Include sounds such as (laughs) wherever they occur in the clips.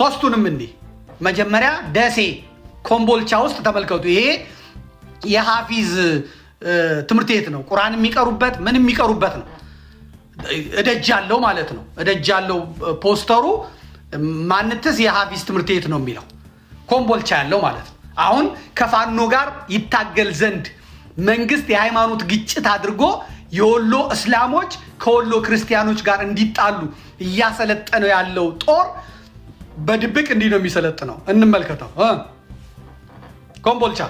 ሶስቱንም እንዲህ መጀመሪያ ደሴ ኮምቦልቻ ውስጥ ተመልከቱ። ይሄ የሀፊዝ ትምህርት ቤት ነው። ቁርአን የሚቀሩበት ምን የሚቀሩበት ነው። እደጅ አለው ማለት ነው። እደጅ አለው ፖስተሩ ማንትስ የሀፊዝ ትምህርት ቤት ነው የሚለው ኮምቦልቻ ያለው ማለት ነው። አሁን ከፋኖ ጋር ይታገል ዘንድ መንግስት የሃይማኖት ግጭት አድርጎ የወሎ እስላሞች ከወሎ ክርስቲያኖች ጋር እንዲጣሉ እያሰለጠነው ያለው ጦር በድብቅ እንዲህ ነው የሚሰለጥነው። እንመልከተው። ኮምቦልቻ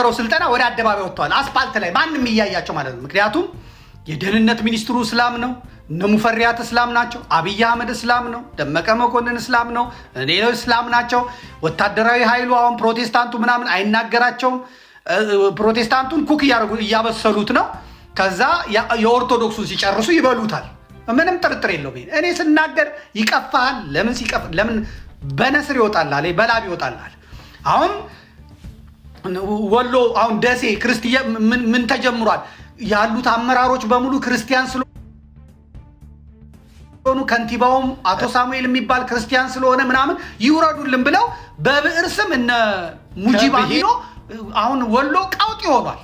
የነበረው ስልጠና ወደ አደባባይ ወጥተዋል። አስፓልት ላይ ማንም እያያቸው ማለት ነው። ምክንያቱም የደህንነት ሚኒስትሩ እስላም ነው፣ እነ ሙፈሪያት እስላም ናቸው፣ አብይ አህመድ እስላም ነው፣ ደመቀ መኮንን እስላም ነው፣ እኔ እስላም ናቸው። ወታደራዊ ኃይሉ አሁን ፕሮቴስታንቱ ምናምን አይናገራቸውም። ፕሮቴስታንቱን ኩክ እያበሰሉት ነው። ከዛ የኦርቶዶክሱን ሲጨርሱ ይበሉታል። ምንም ጥርጥር የለው። እኔ ስናገር ይቀፋሃል። ለምን ለምን በነስር ይወጣላል፣ በላብ ይወጣላል። አሁን ወሎ አሁን ደሴ ክርስቲያ ምን ተጀምሯል? ያሉት አመራሮች በሙሉ ክርስቲያን ስለሆኑ ከንቲባውም አቶ ሳሙኤል የሚባል ክርስቲያን ስለሆነ ምናምን ይውረዱልን ብለው በብዕር ስም እነ ሙጂብ አሚኖ አሁን ወሎ ቀውጥ ይሆኗል።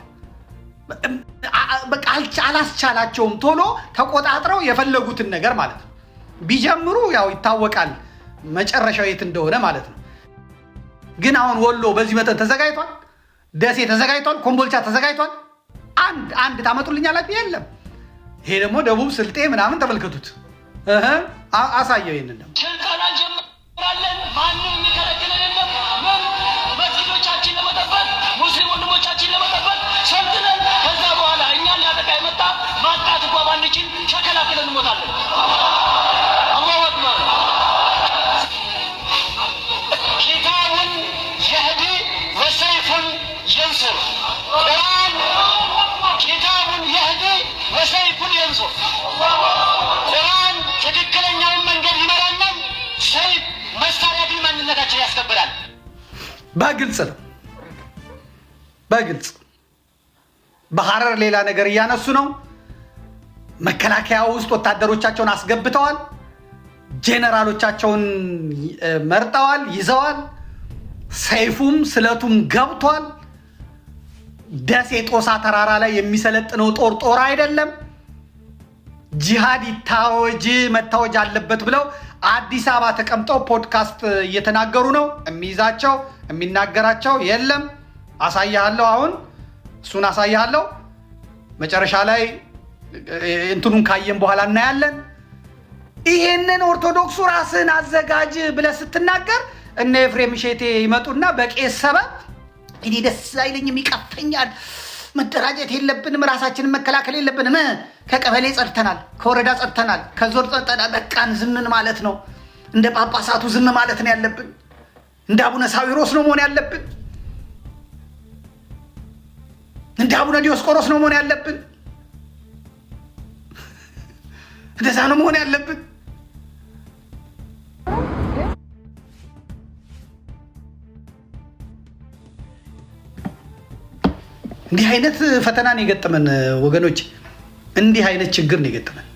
አላስቻላቸውም። ቶሎ ተቆጣጥረው የፈለጉትን ነገር ማለት ነው ቢጀምሩ ያው ይታወቃል መጨረሻው የት እንደሆነ ማለት ነው። ግን አሁን ወሎ በዚህ መጠን ተዘጋጅቷል። ደሴ ተዘጋጅቷል፣ ኮምቦልቻ ተዘጋጅቷል። አንድ አንድ ታመጡልኛላችሁ? የለም። ይሄ ደግሞ ደቡብ ስልጤ ምናምን ተመልከቱት፣ አሳየው። ይህንን ደግሞ ስልጠና ጀምራለን። ማንም የሚከለክለ በግልጽ ነው። በግልጽ በሐረር ሌላ ነገር እያነሱ ነው። መከላከያ ውስጥ ወታደሮቻቸውን አስገብተዋል። ጄኔራሎቻቸውን መርጠዋል፣ ይዘዋል። ሰይፉም ስለቱም ገብቷል። ደሴ ጦሳ ተራራ ላይ የሚሰለጥነው ጦር ጦር አይደለም። ጂሃድ ይታወጅ መታወጅ አለበት ብለው አዲስ አበባ ተቀምጠው ፖድካስት እየተናገሩ ነው። የሚይዛቸው የሚናገራቸው የለም። አሳያለሁ፣ አሁን እሱን አሳያለሁ። መጨረሻ ላይ እንትኑን ካየን በኋላ እናያለን። ይሄንን ኦርቶዶክሱ ራስን አዘጋጅ ብለህ ስትናገር እነ ኤፍሬም ሼቴ ይመጡና በቄስ ሰበብ እኔ ደስ አይለኝም ይቀፈኛል መደራጀት የለብንም። ራሳችንን መከላከል የለብንም። ከቀበሌ ጸድተናል፣ ከወረዳ ጸድተናል፣ ከዞር ጸድተናል። በቃን ዝምን ማለት ነው። እንደ ጳጳሳቱ ዝም ማለት ነው ያለብን። እንደ አቡነ ሳዊሮስ ነው መሆን ያለብን። እንደ አቡነ ዲዮስቆሮስ ነው መሆን ያለብን። እንደዛ ነው መሆን ያለብን። እንዲህ አይነት ፈተና ነው የገጠመን ወገኖች፣ እንዲህ አይነት ችግር ነው የገጠመን።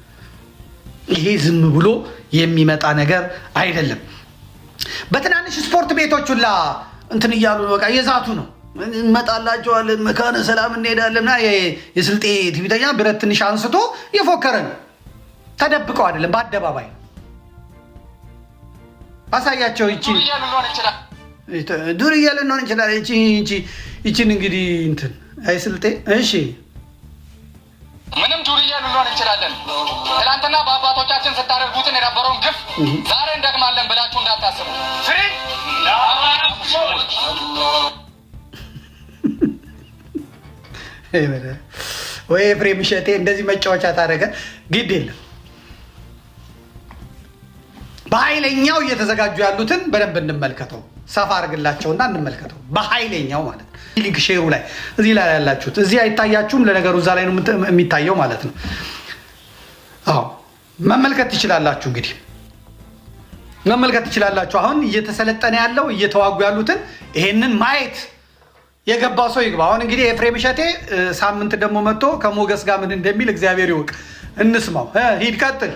ይሄ ዝም ብሎ የሚመጣ ነገር አይደለም። በትናንሽ ስፖርት ቤቶች ሁላ እንትን እያሉ በቃ የዛቱ ነው እንመጣላቸዋለን፣ መካነ ሰላም እንሄዳለንና የስልጤ ትቢተኛ ብረት ትንሽ አንስቶ የፎከረ ነው። ተደብቀው አይደለም፣ በአደባባይ አሳያቸው ይቺ ዱር እያለ እንሆን እንችላለን። ይችን እንግዲህ እንትን አይስልጤ እሺ፣ ምንም ዱር እያለ እንችላለን። ትናንትና በአባቶቻችን ስታደርጉትን የነበረውን ግፍ ዛሬ እንደግማለን ብላችሁ እንዳታስቡ። ፍሪ ወይ ፍሬ ምሸቴ እንደዚህ መጫወቻ ታደረገ። ግድ የለም በኃይለኛው እየተዘጋጁ ያሉትን በደንብ እንመልከተው። ሰፋ እና እንመልከተው። በኃይለኛው ማለት ነው። ሊንክ ሼሩ ላይ እዚህ ላይ ያላችሁት እዚህ አይታያችሁም። ለነገሩ እዛ ላይ ነው የሚታየው ማለት ነው። አዎ መመልከት ትችላላችሁ። እንግዲህ መመልከት ትችላላችሁ። አሁን እየተሰለጠነ ያለው እየተዋጉ ያሉትን ይሄንን ማየት የገባው ሰው ይግባ። አሁን እንግዲህ ኤፍሬም እሸቴ ሳምንት ደግሞ መጥቶ ከሞገስ ጋር ምን እንደሚል እግዚአብሔር ይወቅ። እንስማው። ሂድ ቀጥል።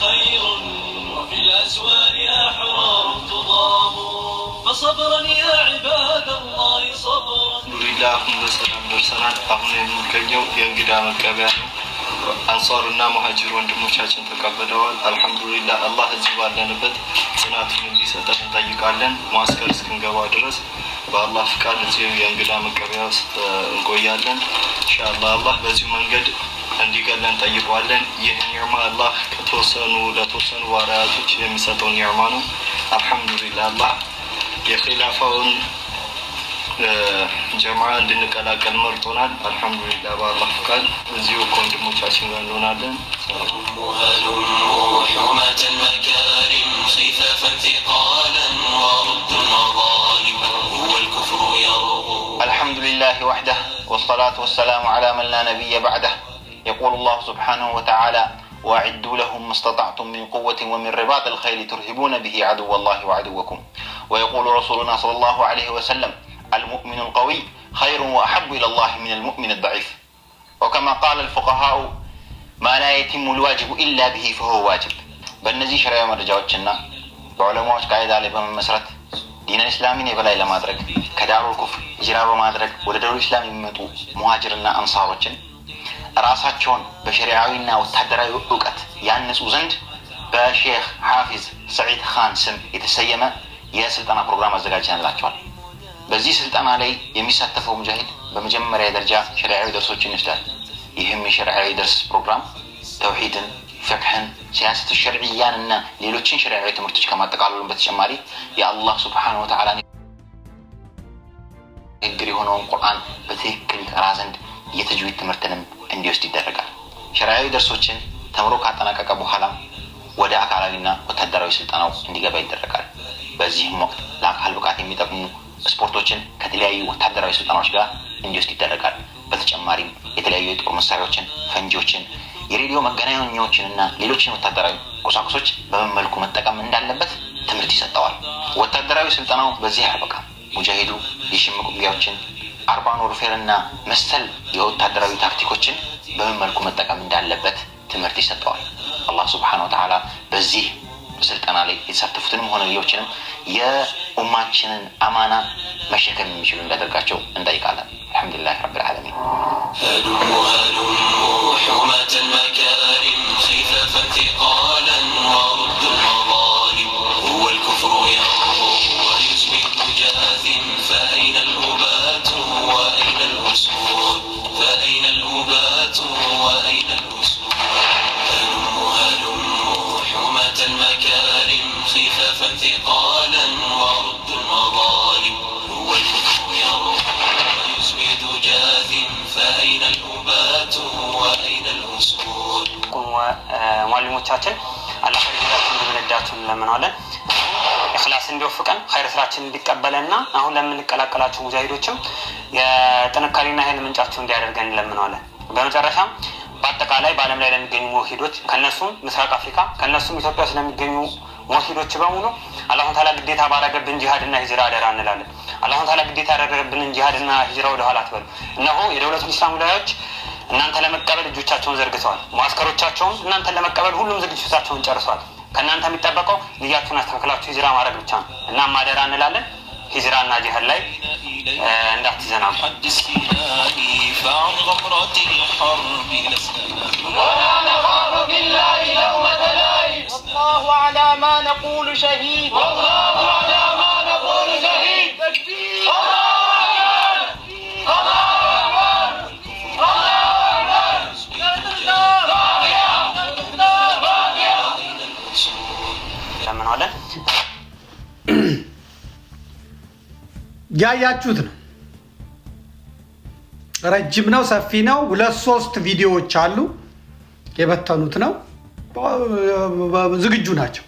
خير وفي الأسوار أحرار تضام فصبرا يا عباد الله صبرا አሁን በሰላም ደርሰናል። አሁን የምንገኘው የእንግዳ መቀበያ ነው። አንሷርና መሀጅር ወንድሞቻችን ተቀብለዋል። አልሐምዱሊላህ አላህ እዚህ ባለንበት ጽናቱን እንዲሰጠን እንጠይቃለን። ማስከር እስክንገባ ድረስ በአላህ ፍቃድ እዚሁ የእንግዳ መቀበያ ውስጥ እንቆያለን። ኢንሻአላህ አላህ በዚሁ መንገድ እንዲገለን ጠይቋለን። ይህ ኒዕማ አላህ ከተወሰኑ ለተወሰኑ ባሪያዎች የሚሰጠው ኒዕማ ነው። አልሐምዱሊላ አላህ የኺላፋውን ጀማ እንድንቀላቀል መርጦናል። አልሐምዱሊላ በአላህ ፍቃድ እዚሁ ከወንድሞቻችን ጋር እንሆናለን። አልሐምዱሊላህ ወሕደህ ወሰላቱ ወሰላሙ ዓላ መን ላ ነቢየ ባዕደህ يقول الله سبحانه وتعالى وأعدوا لهم ما استطعتم من قوة ومن رباط الخيل ترهبون به عدو الله وعدوكم ويقول رسولنا صلى الله عليه وسلم المؤمن القوي خير وأحب إلى الله من المؤمن الضعيف وكما قال الفقهاء ما لا يتم الواجب إلا به فهو واجب بل نزي شرعي በእነዚህ ሸሪያ መረጃዎችና በዑለማዎች ቃይዳ ላይ በመመስረት ዲነል እስላሚን የበላይ ለማድረግ ከዳሩል ኩፍር ሂጅራ በማድረግ ወደ الإسلام ኢስላም مهاجرنا أنصار الجنة ራሳቸውን በሸሪዓዊና ወታደራዊ እውቀት ያንጹ ዘንድ በሼክ ሐፊዝ ሰዒድ ኻን ስም የተሰየመ የስልጠና ፕሮግራም አዘጋጅተንላቸዋል። በዚህ ስልጠና ላይ የሚሳተፈው ሙጃሂድ በመጀመሪያ ደረጃ ሸሪዓዊ ደርሶችን ይወስዳል። ይህም የሸሪዓዊ ደርስ ፕሮግራም ተውሂድን፣ ፍቅሕን፣ ሲያሰት ሸርዕያን እና ሌሎችን ሸሪዓዊ ትምህርቶች ከማጠቃለሉን በተጨማሪ የአላህ ስብሓን ወተዓላ ንግግር የሆነውን ቁርአን በትክክል ይቀራ ዘንድ የተጅዊድ ትምህርትንም እንዲወስድ ይደረጋል። ሸራዊ ደርሶችን ተምሮ ካጠናቀቀ በኋላ ወደ አካላዊና ወታደራዊ ስልጠናው እንዲገባ ይደረጋል። በዚህም ወቅት ለአካል ብቃት የሚጠቅሙ ስፖርቶችን ከተለያዩ ወታደራዊ ስልጠናዎች ጋር እንዲወስድ ይደረጋል። በተጨማሪም የተለያዩ የጦር መሳሪያዎችን፣ ፈንጂዎችን፣ የሬዲዮ መገናኛዎችን እና ሌሎችን ወታደራዊ ቁሳቁሶች በምን መልኩ መጠቀም እንዳለበት ትምህርት ይሰጠዋል። ወታደራዊ ስልጠናው በዚህ አያበቃም። ሙጃሂዱ የሽምቅ ውጊያዎችን አርባን ወርፌርና መሰል የወታደራዊ ታክቲኮችን በምን መልኩ መጠቀም እንዳለበት ትምህርት ይሰጠዋል። አላህ ስብሓነ ወተዓላ በዚህ ስልጠና ላይ የተሳተፉትንም ሆነ ሌሎችንም የኡማችንን አማና መሸከም የሚችሉ እንዳደርጋቸው እንጠይቃለን። አልሐምዱሊላህ ረብል ዓለሚን። ወንድሞቻችን አላህ ሪዛችን እንድንረዳችሁ እንለምናለን። እክላስ እንዲወፍቀን ኸይር ስራችን እንዲቀበለና አሁን ለምንቀላቀላቸው ሙጃሂዶችም የጥንካሬና ኃይል ምንጫቸው እንዲያደርገን እንለምናለን። በመጨረሻም በአጠቃላይ በዓለም ላይ ለሚገኙ ሙሂዶች ከነሱም ምስራቅ አፍሪካ ከነሱም ኢትዮጵያ ውስጥ ለሚገኙ ሙሂዶች በሙሉ አላሁን ታላ ግዴታ ባረገብን ጂሃድና ሂጅራ አደራ እንላለን። አላሁን ታላ ግዴታ ያደረገብንን ጂሃድና ሂጅራ ወደኋላ አትበሉ። እነሆ የደውለቱን ኢስላም ጉዳዮች እናንተ ለመቀበል እጆቻቸውን ዘርግተዋል። ማስከሮቻቸውም እናንተን ለመቀበል ሁሉም ዝግጅቶቻቸውን ጨርሰዋል። ከእናንተ የሚጠበቀው ልያችሁን አስተካክላችሁ ሂጅራ ማድረግ ብቻ ነው። እናም ማደራ እንላለን እና ጅሀድ ላይ እንዳትዘናሙ። ማ ነቁሉ ሸሂድ ያያችሁት ነው። ረጅም ነው፣ ሰፊ ነው። ሁለት ሶስት ቪዲዮዎች አሉ። የበተኑት ነው። ዝግጁ ናቸው።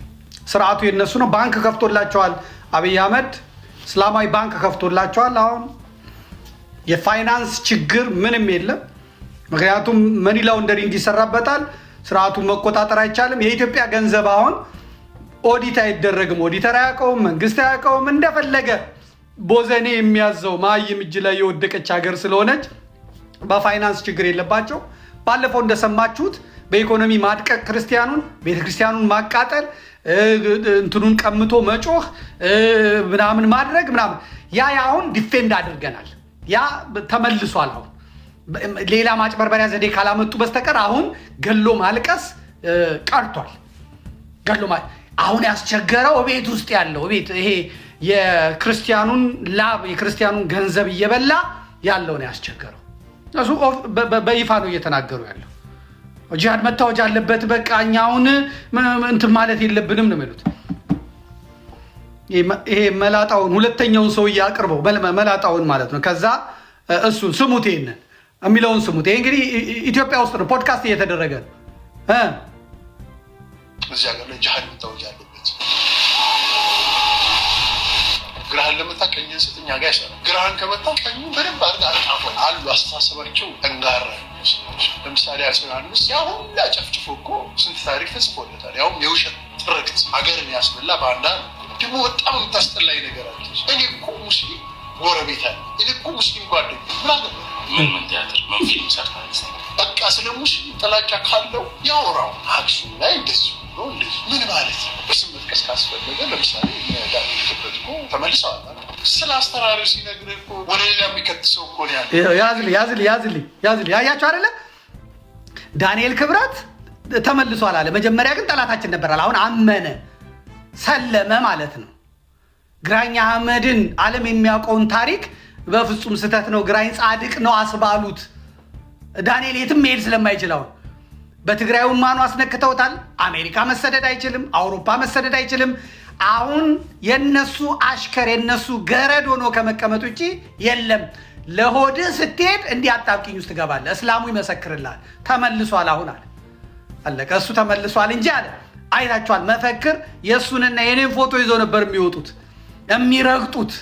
ስርዓቱ የነሱ ነው። ባንክ ከፍቶላቸዋል። አብይ አህመድ እስላማዊ ባንክ ከፍቶላቸዋል። አሁን የፋይናንስ ችግር ምንም የለም። ምክንያቱም መኒ ላውንደሪንግ ይሰራበታል። ስርዓቱን መቆጣጠር አይቻልም። የኢትዮጵያ ገንዘብ አሁን ኦዲት አይደረግም። ኦዲተር አያውቀውም፣ መንግስት አያውቀውም። እንደፈለገ ቦዘኔ የሚያዘው ማይም እጅ ላይ የወደቀች ሀገር ስለሆነች በፋይናንስ ችግር የለባቸው። ባለፈው እንደሰማችሁት በኢኮኖሚ ማድቀቅ ክርስቲያኑን፣ ቤተክርስቲያኑን ማቃጠል፣ እንትኑን ቀምቶ መጮህ ምናምን ማድረግ ምናምን ያ አሁን ዲፌንድ አድርገናል። ያ ተመልሷል። አሁን ሌላ ማጭበርበሪያ ዘዴ ካላመጡ በስተቀር አሁን ገሎ ማልቀስ ቀርቷል። ገሎ አሁን ያስቸገረው ቤት ውስጥ ያለው ቤት ይሄ የክርስቲያኑን ላብ የክርስቲያኑን ገንዘብ እየበላ ያለውን ያስቸገረው እሱ በይፋ ነው እየተናገሩ ያለው። ጂሃድ መታወጅ አለበት፣ በቃ እኛውን እንትን ማለት የለብንም ነው የሚሉት። ይሄ መላጣውን ሁለተኛውን ሰውዬ አቅርበው መላጣውን ማለት ነው። ከዛ እሱን ስሙት፣ ይሄንን የሚለውን ስሙት። ይሄ እንግዲህ ኢትዮጵያ ውስጥ ነው ፖድካስት እየተደረገ ነው። እዚህ ሀገር ላይ ጂሃድ መታወጅ አለበት ግራህን ለመታ ቀኝህን ስጥ ጋ ይሰራል። ግራህን ከመታ ቀኙ በደንብ አድርጋ አጣፎ አሉ። አስተሳሰባቸው እንዳረ ሰዎች ለምሳሌ አፄ ዮሐንስ ያ ሁላ ጨፍጭፎ እኮ ስንት ታሪክ ተጽፎለታል። ያውም የውሸት ትርክት ሀገርን ያስበላ በአንዳ ነው። ደግሞ በጣም የምታስጠላኝ ነገር አለ። እኔ እኮ ሙስሊም ጎረቤት አለ። እኔ እኮ ሙስሊም ጓደኛ ምን ምን ምን ቲያትር ምን ፊልም ሰርታ በቃ ስለ ሙስሊም ጥላቻ ካለው ያወራው አክሱም ላይ እንደዚህ ብሎ እንደዚህ ምን ማለት ነው? በስም መጥቀስ ካስፈለገ ለምሳሌ ጋር ትበት ተመልሰዋል። ስለ አስተራሪ ሲነግር ወደ ሌላ እኮ አይደለ ዳንኤል ክብረት ተመልሷል አለ። መጀመሪያ ግን ጠላታችን ነበር አለ። አሁን አመነ ሰለመ ማለት ነው። ግራኝ አህመድን ዓለም የሚያውቀውን ታሪክ በፍጹም ስህተት ነው፣ ግራኝ ጻድቅ ነው አስባሉት። ዳንኤል የትም መሄድ ስለማይችል በትግራይ ውማኑ አስነክተውታል። አሜሪካ መሰደድ አይችልም፣ አውሮፓ መሰደድ አይችልም፣ አሁን የነሱ አሽከር የነሱ ገረድ ሆኖ ከመቀመጥ ውጭ የለም። ለሆድ ስትሄድ እንዲህ አጣብቂኝ ውስጥ ትገባለህ። እስላሙ ይመሰክርላል። ተመልሷል አሁን አለ አለቀ። እሱ ተመልሷል እንጂ አለ አይታችኋል። መፈክር የእሱንና የኔን ፎቶ ይዞ ነበር የሚወጡት የሚረግጡት።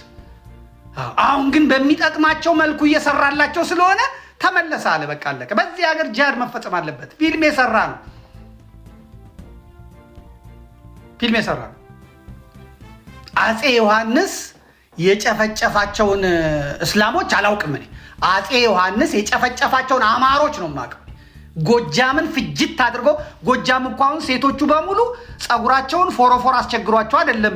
አሁን ግን በሚጠቅማቸው መልኩ እየሰራላቸው ስለሆነ ተመለሰ አለ። በቃ አለቀ። በዚህ ሀገር ጃድ መፈጸም አለበት። ፊልም የሰራ ነው። ፊልም የሰራ ነው። አጼ ዮሐንስ የጨፈጨፋቸውን እስላሞች አላውቅም። እኔ አጼ ዮሐንስ የጨፈጨፋቸውን አማሮች ነው የማውቀው። ጎጃምን ፍጅት አድርጎ ጎጃም እኮ አሁን ሴቶቹ በሙሉ ጸጉራቸውን ፎረፎር አስቸግሯቸው አይደለም፣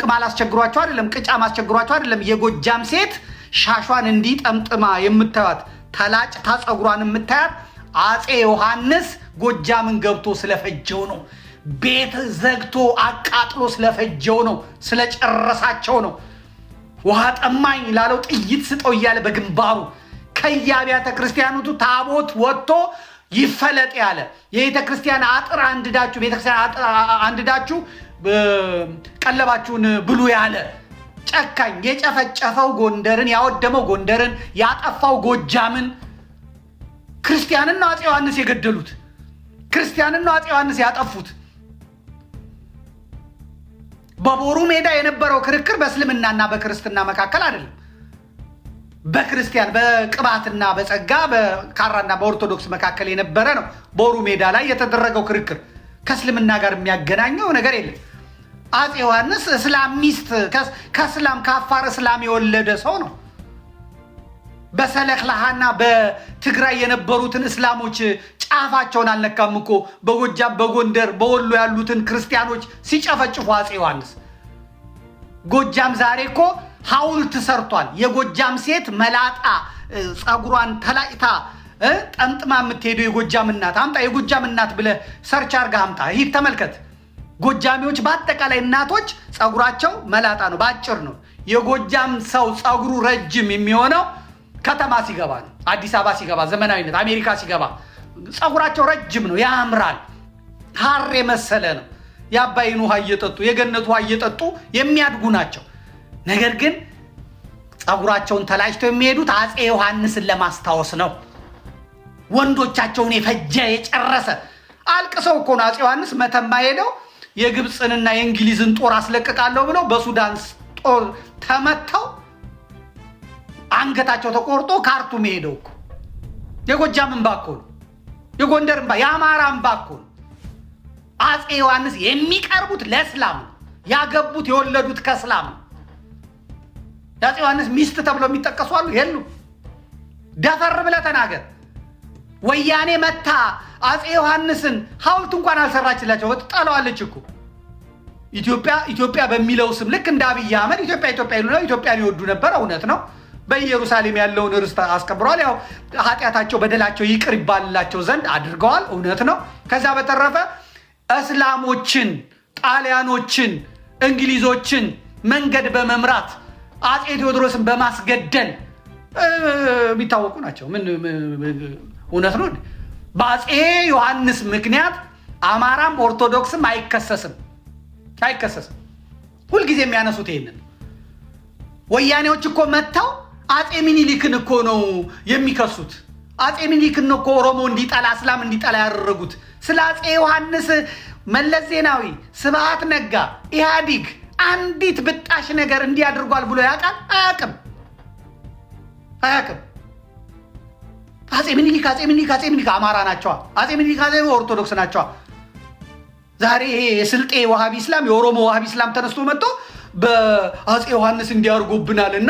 ቅማል አስቸግሯቸው አይደለም፣ ቅጫም አስቸግሯቸው አይደለም። የጎጃም ሴት ሻሿን እንዲህ ጠምጥማ የምታዩት ተላጭታ ጸጉሯን የምታያት አጼ ዮሐንስ ጎጃምን ገብቶ ስለፈጀው ነው። ቤት ዘግቶ አቃጥሎ ስለፈጀው ነው፣ ስለጨረሳቸው ነው። ውሃ ጠማኝ ላለው ጥይት ስጠው እያለ በግንባሩ ከየአብያተ ክርስቲያኖቱ ታቦት ወጥቶ ይፈለጥ ያለ የቤተ ክርስቲያን አጥር አንድዳችሁ ቤተክርስቲያን አንድዳችሁ ቀለባችሁን ብሉ ያለ ጨካኝ የጨፈጨፈው ጎንደርን ያወደመው ጎንደርን ያጠፋው ጎጃምን ክርስቲያንና አፄ ዮሐንስ የገደሉት ክርስቲያንና አፄ ዮሐንስ ያጠፉት በቦሩ ሜዳ የነበረው ክርክር በእስልምናና በክርስትና መካከል አይደለም። በክርስቲያን በቅባትና በጸጋ በካራና በኦርቶዶክስ መካከል የነበረ ነው። ቦሩ ሜዳ ላይ የተደረገው ክርክር ከእስልምና ጋር የሚያገናኘው ነገር የለም። አፄ ዮሐንስ እስላሚስት ከእስላም ከአፋር እስላም የወለደ ሰው ነው። በሰለክላሃና በትግራይ የነበሩትን እስላሞች ጫፋቸውን አልነካም እኮ በጎጃም በጎንደር በወሎ ያሉትን ክርስቲያኖች ሲጨፈጭፉ አፄ ዮሐንስ። ጎጃም ዛሬ እኮ ሐውልት ሰርቷል። የጎጃም ሴት መላጣ ፀጉሯን ተላጭታ ጠምጥማ የምትሄደው የጎጃም እናት አምጣ፣ የጎጃም እናት ብለ ሰርች አርጋ አምጣ፣ ሂድ ተመልከት። ጎጃሚዎች በአጠቃላይ እናቶች ጸጉራቸው መላጣ ነው፣ በአጭር ነው። የጎጃም ሰው ፀጉሩ ረጅም የሚሆነው ከተማ ሲገባ ነው፣ አዲስ አበባ ሲገባ፣ ዘመናዊነት አሜሪካ ሲገባ ፀጉራቸው ረጅም ነው፣ ያምራል። ሀር የመሰለ ነው። የአባይን ውሃ እየጠጡ የገነት ውሃ እየጠጡ የሚያድጉ ናቸው። ነገር ግን ፀጉራቸውን ተላጭተው የሚሄዱት አፄ ዮሐንስን ለማስታወስ ነው። ወንዶቻቸውን የፈጀ የጨረሰ አልቅሰው እኮ ነው አፄ ዮሐንስ መተማ ሄደው የግብፅንና የእንግሊዝን ጦር አስለቅቃለሁ ብለው በሱዳን ጦር ተመተው አንገታቸው ተቆርጦ ካርቱም ሄደው እኮ የጎጃም እንባ እኮ ነው። የጎንደር እምባ የአማራ እምባ እኮ ነው። አፄ ዮሐንስ የሚቀርቡት ለእስላም ያገቡት የወለዱት ከእስላም ነው። የአፄ ዮሐንስ ሚስት ተብለው የሚጠቀሱ አሉ የሉም? ደፈር ብለህ ተናገር። ወያኔ መታ አፄ ዮሐንስን ሀውልት እንኳን አልሰራችላቸው። ትጠለዋለች እኮ ኢትዮጵያ ኢትዮጵያ በሚለው ስም ልክ እንደ አብይ አህመድ ኢትዮጵያ ኢትዮጵያ ይሉ ኢትዮጵያን ይወዱ ነበር። እውነት ነው። በኢየሩሳሌም ያለውን ርስት አስቀብረዋል። ያው ኃጢአታቸው፣ በደላቸው ይቅር ይባልላቸው ዘንድ አድርገዋል። እውነት ነው። ከዛ በተረፈ እስላሞችን፣ ጣሊያኖችን፣ እንግሊዞችን መንገድ በመምራት አፄ ቴዎድሮስን በማስገደል የሚታወቁ ናቸው። ምን እውነት ነው። በአፄ ዮሐንስ ምክንያት አማራም ኦርቶዶክስም አይከሰስም አይከሰስም። ሁልጊዜ የሚያነሱት ይሄንን ወያኔዎች እኮ መጥተው አጼ ሚኒሊክን እኮ ነው የሚከሱት። አጼ ሚኒሊክን እኮ ኦሮሞ እንዲጠላ እስላም እንዲጠላ ያደረጉት። ስለ አጼ ዮሐንስ መለስ ዜናዊ፣ ስብሃት ነጋ፣ ኢህአዲግ አንዲት ብጣሽ ነገር እንዲህ አድርጓል ብሎ ያውቃል? አያውቅም፣ አያውቅም። አጼ ሚኒሊክ አጼ ሚኒሊክ አጼ ሚኒሊክ አማራ ናቸዋ። አጼ ሚኒሊክ አጼ ኦርቶዶክስ ናቸዋ። ዛሬ ይሄ የስልጤ ዋሃቢ እስላም የኦሮሞ ዋሃቢ እስላም ተነስቶ መጥቶ በአጼ ዮሐንስ እንዲያርጎብናል እና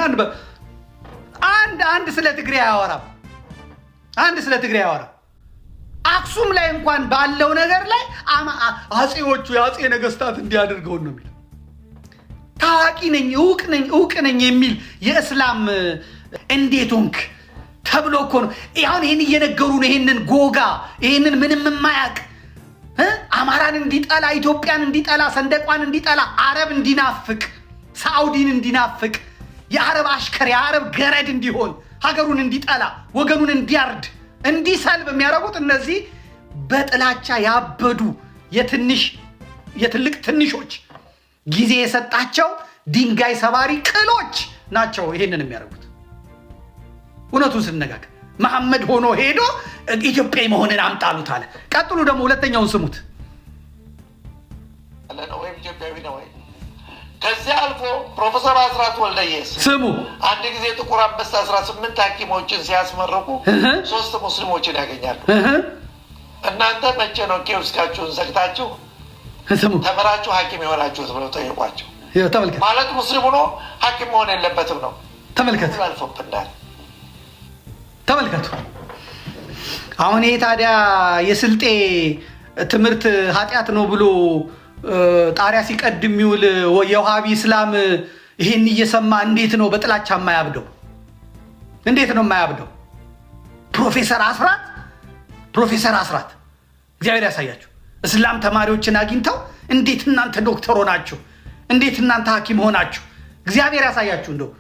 አንድ አንድ ስለ ትግሬ አያወራም። አንድ ስለ ትግሬ አያወራም። አክሱም ላይ እንኳን ባለው ነገር ላይ አጼዎቹ የአጼ ነገስታት እንዲያደርገውን ነው የሚለው። ታዋቂ ነኝ እውቅ ነኝ እውቅ ነኝ የሚል የእስላም እንዴት ሆንክ ተብሎ እኮ ነው አሁን ይህን እየነገሩ ነው። ይህንን ጎጋ ይህንን ምንም የማያውቅ አማራን እንዲጠላ፣ ኢትዮጵያን እንዲጠላ፣ ሰንደቋን እንዲጠላ፣ አረብ እንዲናፍቅ፣ ሳዑዲን እንዲናፍቅ የአረብ አሽከር የአረብ ገረድ እንዲሆን ሀገሩን እንዲጠላ ወገኑን እንዲያርድ እንዲሰልብ የሚያደርጉት እነዚህ በጥላቻ ያበዱ የትንሽ የትልቅ ትንሾች ጊዜ የሰጣቸው ድንጋይ ሰባሪ ቅሎች ናቸው ይሄንን የሚያደርጉት። እውነቱን ስነጋገር መሐመድ ሆኖ ሄዶ ኢትዮጵያዊ መሆንን አምጣሉት አለ። ቀጥሉ ደግሞ ሁለተኛውን ስሙት። ከዚያ አልፎ ፕሮፌሰር አስራት ወልደየስ ስሙ አንድ ጊዜ ጥቁር አንበሳ አስራ ስምንት ሐኪሞችን ሲያስመርቁ ሶስት ሙስሊሞችን ያገኛሉ። እናንተ መቼ ነው ኪዮስካችሁን ዘግታችሁ ተምራችሁ ሐኪም የሆናችሁት ብለው ጠየቋቸው። ማለት ሙስሊም ሆኖ ሐኪም መሆን የለበትም ነው። ተመልከቱ፣ አልፎብናል። ተመልከቱ። አሁን ይሄ ታዲያ የስልጤ ትምህርት ኃጢአት ነው ብሎ ጣሪያ ሲቀድ የሚውል የውሃቢ እስላም ይህን እየሰማ እንዴት ነው በጥላቻ የማያብደው? እንዴት ነው የማያብደው? ፕሮፌሰር አስራት ፕሮፌሰር አስራት እግዚአብሔር ያሳያችሁ። እስላም ተማሪዎችን አግኝተው እንዴት እናንተ ዶክተር ሆናችሁ፣ እንዴት እናንተ ሐኪም ሆናችሁ፣ እግዚአብሔር ያሳያችሁ። እንደው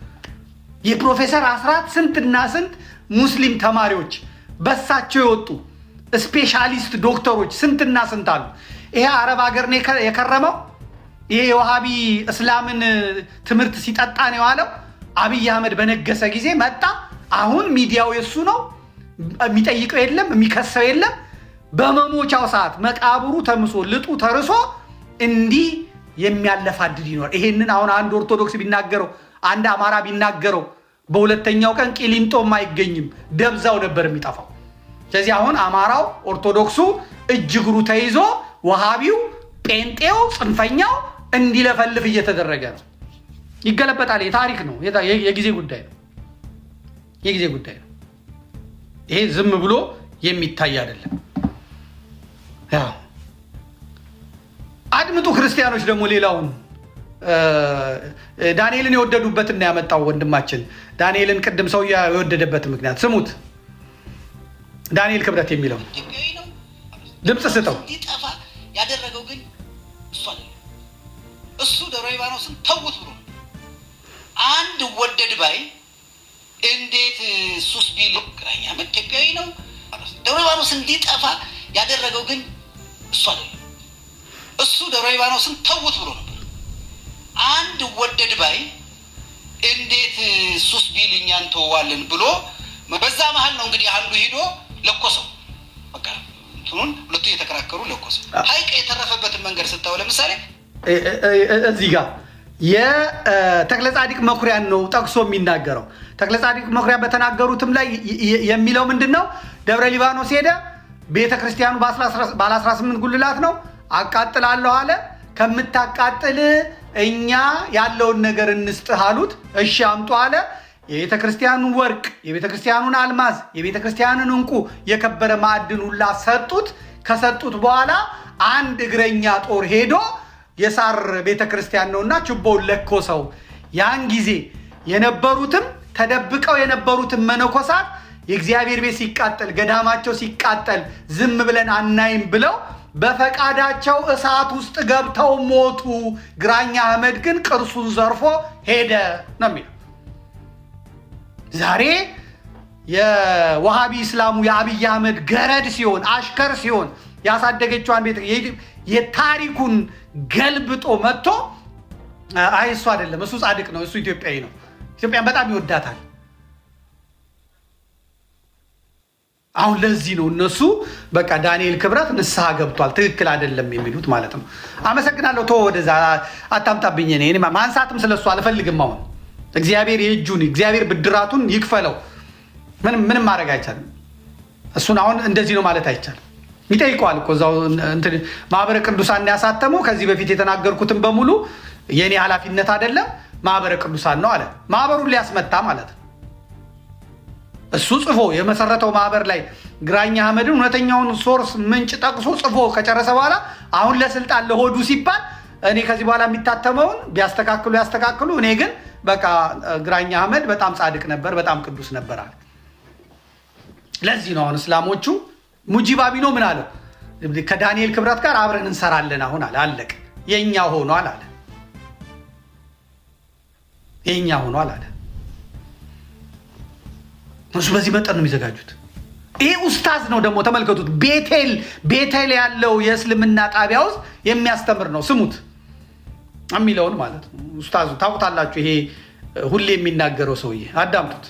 የፕሮፌሰር አስራት ስንትና ስንት ሙስሊም ተማሪዎች በሳቸው የወጡ ስፔሻሊስት ዶክተሮች ስንትና ስንት አሉ። ይሄ አረብ ሀገር ነው የከረመው። ይሄ የውሃቢ እስላምን ትምህርት ሲጠጣ ነው የዋለው። አብይ አህመድ በነገሰ ጊዜ መጣ። አሁን ሚዲያው የሱ ነው። የሚጠይቀው የለም፣ የሚከሰው የለም። በመሞቻው ሰዓት መቃብሩ ተምሶ ልጡ ተርሶ እንዲህ የሚያለፋድድ ይኖር። ይሄንን አሁን አንድ ኦርቶዶክስ ቢናገረው አንድ አማራ ቢናገረው በሁለተኛው ቀን ቂሊንጦም አይገኝም፣ ደብዛው ነበር የሚጠፋው። ስለዚህ አሁን አማራው ኦርቶዶክሱ እጅ እግሩ ተይዞ ወሃቢው፣ ጴንጤው፣ ጽንፈኛው እንዲለፈልፍ እየተደረገ ነው። ይገለበጣል። የታሪክ ነው፣ የጊዜ ጉዳይ ነው፣ የጊዜ ጉዳይ ነው። ይሄ ዝም ብሎ የሚታይ አይደለም። ያው አድምጡ ክርስቲያኖች። ደግሞ ሌላውን ዳንኤልን የወደዱበትና ያመጣው ወንድማችን ዳንኤልን ቅድም ሰው የወደደበት ምክንያት ስሙት። ዳንኤል ክብረት የሚለው ድምፅ ስጠው ያደረገው ግን እሱ አይደለም። እሱ ደብረ ሊባኖስን ተውት ብሎ አንድ ወደድ ባይ እንዴት ሱስ ቢል ግራኛ ኢትዮጵያዊ ነው። ደብረ ሊባኖስ እንዲጠፋ ያደረገው ግን እሱ አይደለም። እሱ ደብረ ሊባኖስን ተውት ብሎ ነበር። አንድ ወደድ ባይ እንዴት ሱስ ቢል እኛን ተወዋለን ብሎ በዛ መሀል ነው እንግዲህ አንዱ ሂዶ ለኮሰው በቃ እንትኑን ሁለቱ እየተከራከሩ ለኮሰ ሀይቅ የተረፈበትን መንገድ ስታው ለምሳሌ እዚህ ጋር የተክለ ጻዲቅ መኩሪያን ነው ጠቅሶ የሚናገረው። ተክለ ጻዲቅ መኩሪያ በተናገሩትም ላይ የሚለው ምንድን ነው? ደብረ ሊባኖስ ሄደ፣ ቤተ ክርስቲያኑ ባለ 18 ጉልላት ነው አቃጥላለሁ አለ። ከምታቃጥል እኛ ያለውን ነገር እንስጥህ አሉት። እሺ አምጡ አለ። የቤተ ክርስቲያኑን ወርቅ፣ የቤተ ክርስቲያኑን አልማዝ፣ የቤተ ክርስቲያንን እንቁ፣ የከበረ ማዕድን ሁላ ሰጡት። ከሰጡት በኋላ አንድ እግረኛ ጦር ሄዶ የሳር ቤተ ክርስቲያን ነውና ችቦውን ለኮሰው። ያን ጊዜ የነበሩትም ተደብቀው የነበሩትም መነኮሳት የእግዚአብሔር ቤት ሲቃጠል፣ ገዳማቸው ሲቃጠል ዝም ብለን አናይም ብለው በፈቃዳቸው እሳት ውስጥ ገብተው ሞቱ። ግራኛ አህመድ ግን ቅርሱን ዘርፎ ሄደ ነው የሚለው ዛሬ የዋሃቢ እስላሙ የአብይ አህመድ ገረድ ሲሆን አሽከር ሲሆን ያሳደገችዋን ቤት የታሪኩን ገልብጦ መጥቶ አይ እሱ አይደለም እሱ ጻድቅ ነው እሱ ኢትዮጵያዊ ነው ኢትዮጵያን በጣም ይወዳታል። አሁን ለዚህ ነው እነሱ በቃ ዳንኤል ክብረት ንስሐ ገብቷል፣ ትክክል አይደለም የሚሉት ማለት ነው። አመሰግናለሁ። ቶ ወደዛ አታምጣብኝ። እኔ ማንሳትም ስለሱ አልፈልግም አሁን እግዚአብሔር የእጁን እግዚአብሔር ብድራቱን ይክፈለው። ምንም ምንም ማድረግ አይቻልም። እሱን አሁን እንደዚህ ነው ማለት አይቻልም። ይጠይቀዋል እኮ እዛው ማህበረ ቅዱሳን ያሳተመው ከዚህ በፊት የተናገርኩትን በሙሉ የእኔ ኃላፊነት አይደለም ማህበረ ቅዱሳን ነው አለ። ማህበሩን ሊያስመታ ማለት ነው። እሱ ጽፎ የመሰረተው ማህበር ላይ ግራኝ አህመድን እውነተኛውን ሶርስ ምንጭ ጠቅሶ ጽፎ ከጨረሰ በኋላ አሁን ለስልጣን ለሆዱ ሲባል እኔ ከዚህ በኋላ የሚታተመውን ቢያስተካክሉ ያስተካክሉ እኔ ግን በቃ ግራኛ አህመድ በጣም ጻድቅ ነበር፣ በጣም ቅዱስ ነበር ለዚህ ነው አሁን እስላሞቹ ሙጂብ አሚኖ ምን አለ? ከዳንኤል ክብረት ጋር አብረን እንሰራለን አሁን አለ። አለቅ የእኛ ሆኗል አለ። የእኛ ሆኗል አለ። እሱ በዚህ መጠን ነው የሚዘጋጁት። ይህ ኡስታዝ ነው ደግሞ ተመልከቱት። ቤቴል ቤቴል ያለው የእስልምና ጣቢያ ውስጥ የሚያስተምር ነው። ስሙት። የሚለውን ማለት ነው። ኡስታዙ ታውቁታላችሁ። ይሄ ሁሌ የሚናገረው ሰውዬ አዳምጡት።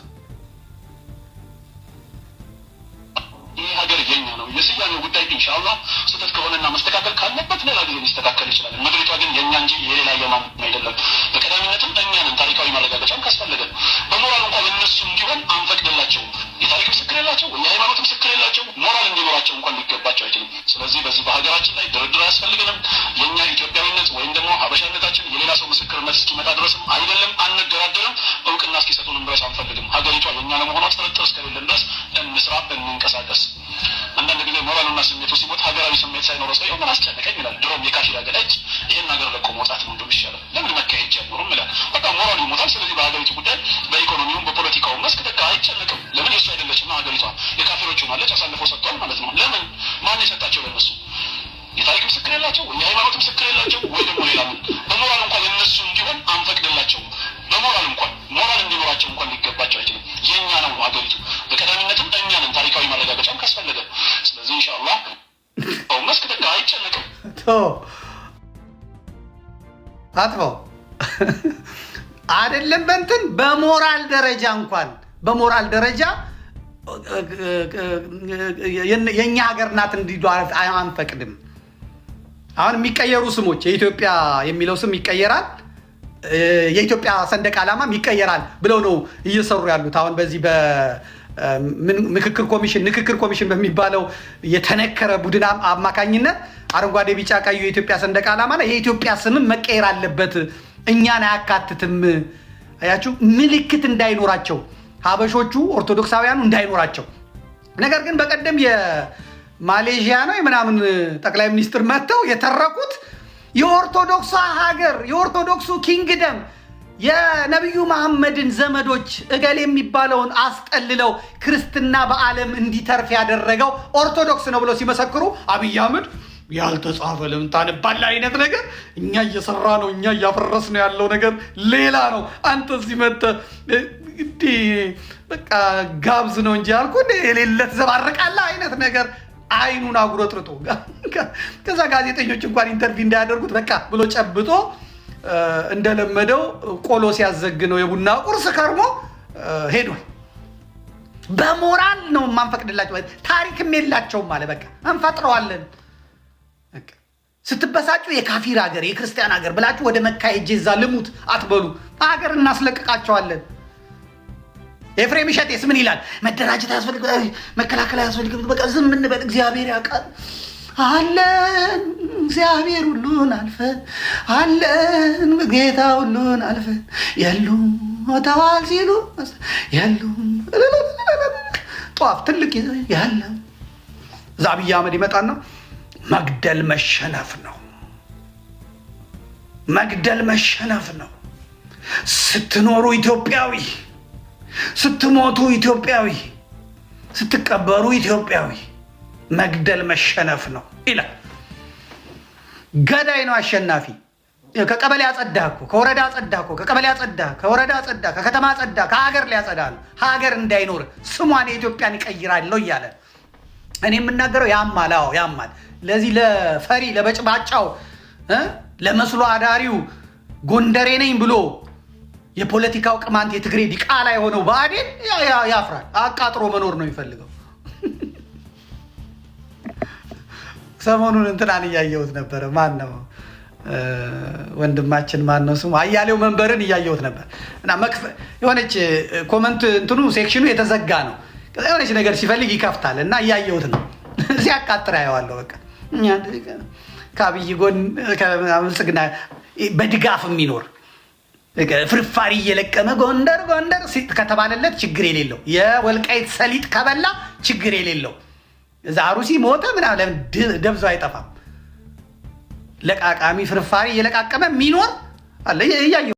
ሀገር የኛ ነው። የስያሜው ጉዳይ ኢንሻላ ስህተት ከሆነና መስተካከል ካለበት ሌላ ጊዜ ሊስተካከል ይችላል። ምድሪቷ ግን የእኛ እንጂ የሌላ የማን አይደለም። በቀዳሚነትም እኛ ታሪካዊ መረጋገጫም ካስፈለገን በሞራል እንኳን እነሱ እንዲሆን አንፈቅድላቸውም። የታሪክ ምስክር የላቸው፣ የሃይማኖት ምስክር የላቸው። ሞራል እንዲኖራቸው እንኳን ሊገባቸው አይችልም። ስለዚህ በዚህ በሀገራችን ላይ ድርድር አያስፈልገንም። እውነተኛ ለመሆኗ ጥርጥር እስከሌለ ድረስ እንስራ፣ እንንቀሳቀስ። አንዳንድ ጊዜ ሞራሉና ስሜቱ ሲሞት ሀገራዊ ስሜት ሳይኖረው ሰው ሆነ አጥፈው አይደለም በእንትን በሞራል ደረጃ እንኳን በሞራል ደረጃ የእኛ ሀገር ናት እንዲሉ አንፈቅድም። አሁን የሚቀየሩ ስሞች የኢትዮጵያ የሚለው ስም ይቀየራል፣ የኢትዮጵያ ሰንደቅ ዓላማም ይቀየራል ብለው ነው እየሰሩ ያሉት። አሁን በዚህ ምክክር ኮሚሽን ንክክር ኮሚሽን በሚባለው የተነከረ ቡድን አማካኝነት አረንጓዴ፣ ቢጫ፣ ቀዩ የኢትዮጵያ ሰንደቅ ዓላማ ላይ የኢትዮጵያ ስምም መቀየር አለበት፣ እኛን አያካትትም። አያችሁ፣ ምልክት እንዳይኖራቸው ሀበሾቹ ኦርቶዶክሳውያኑ እንዳይኖራቸው። ነገር ግን በቀደም የማሌዥያ ነው የምናምን ጠቅላይ ሚኒስትር መጥተው የተረኩት የኦርቶዶክሱ ሀገር የኦርቶዶክሱ ኪንግደም የነቢዩ መሐመድን ዘመዶች እገሌ የሚባለውን አስጠልለው ክርስትና በዓለም እንዲተርፍ ያደረገው ኦርቶዶክስ ነው ብለው ሲመሰክሩ አብይ አህመድ ያልተጻፈ ልምጣን ባለ አይነት ነገር እኛ እየሰራ ነው እኛ እያፈረስ ነው ያለው ነገር ሌላ ነው። አንተ እዚህ መጥተህ እንዲህ በቃ ጋብዝ ነው እንጂ ያልኩህ የሌለ ትዘባርቃለህ አይነት ነገር አይኑን አጉረጥርጦ (laughs) ከዛ ጋዜጠኞች እንኳን ኢንተርቪ እንዳያደርጉት በቃ ብሎ ጨብጦ እንደለመደው ቆሎ ሲያዘግነው የቡና ቁርስ ከርሞ ሄዷል። በሞራል ነው የማንፈቅድላቸው። ታሪክም የላቸውም አለ። በቃ አንፈጥረዋለን ስትበሳጩ የካፊር ሀገር የክርስቲያን ሀገር ብላችሁ ወደ መካ ሄጄ እዛ ልሙት አትበሉ። ሀገር እናስለቅቃቸዋለን። ኤፍሬም እሸቴስ ምን ይላል? መደራጀት አያስፈልግ፣ መከላከል አያስፈልግ፣ በቃ ዝም እንበል። እግዚአብሔር ያውቃል አለን። እግዚአብሔር ሁሉን አልፈን አለን። ጌታ ሁሉን አልፈ የሉም ተዋል ሲሉ የሉም ጠዋፍ ትልቅ ያለ እዛ አብይ አህመድ ይመጣና መግደል መሸነፍ ነው። መግደል መሸነፍ ነው። ስትኖሩ ኢትዮጵያዊ፣ ስትሞቱ ኢትዮጵያዊ፣ ስትቀበሩ ኢትዮጵያዊ። መግደል መሸነፍ ነው ይላል። ገዳይ ነው አሸናፊ። ከቀበሌ አጸዳ እኮ ከወረዳ አጸዳ እኮ ከቀበሌ አጸዳ ከወረዳ አጸዳ ከከተማ አጸዳ ከሀገር ሊያጸዳል ሀገር እንዳይኖር ስሟን የኢትዮጵያን ይቀይራለሁ እያለ እኔ የምናገረው ያማል። አዎ ያማል። ለዚህ ለፈሪ ለበጭባጫው ለመስሎ አዳሪው ጎንደሬ ነኝ ብሎ የፖለቲካው ቅማንት የትግሬ ዲቃላ የሆነው ብአዴን ያፍራል። አቃጥሮ መኖር ነው የሚፈልገው። (laughs) ሰሞኑን እንትናን እያየሁት ነበረ። ማን ነው ወንድማችን? ማን ነው ስሙ? አያሌው መንበርን እያየሁት ነበር እና መክፈ የሆነች ኮመንት እንትኑ ሴክሽኑ የተዘጋ ነው። የሆነች ነገር ሲፈልግ ይከፍታል እና እያየሁት ነው። ሲያቃጥር (laughs) ያየዋለሁ በቃ ከአብይ ጎን ብልጽግና በድጋፍ የሚኖር ፍርፋሪ እየለቀመ ጎንደር ጎንደር ከተባለለት ችግር የሌለው የወልቃይት ሰሊጥ ከበላ ችግር የሌለው እዛ አሩሲ ሞተ ምናምን ደብዞ አይጠፋም። ለቃቃሚ ፍርፋሪ እየለቃቀመ የሚኖር አለ እያየ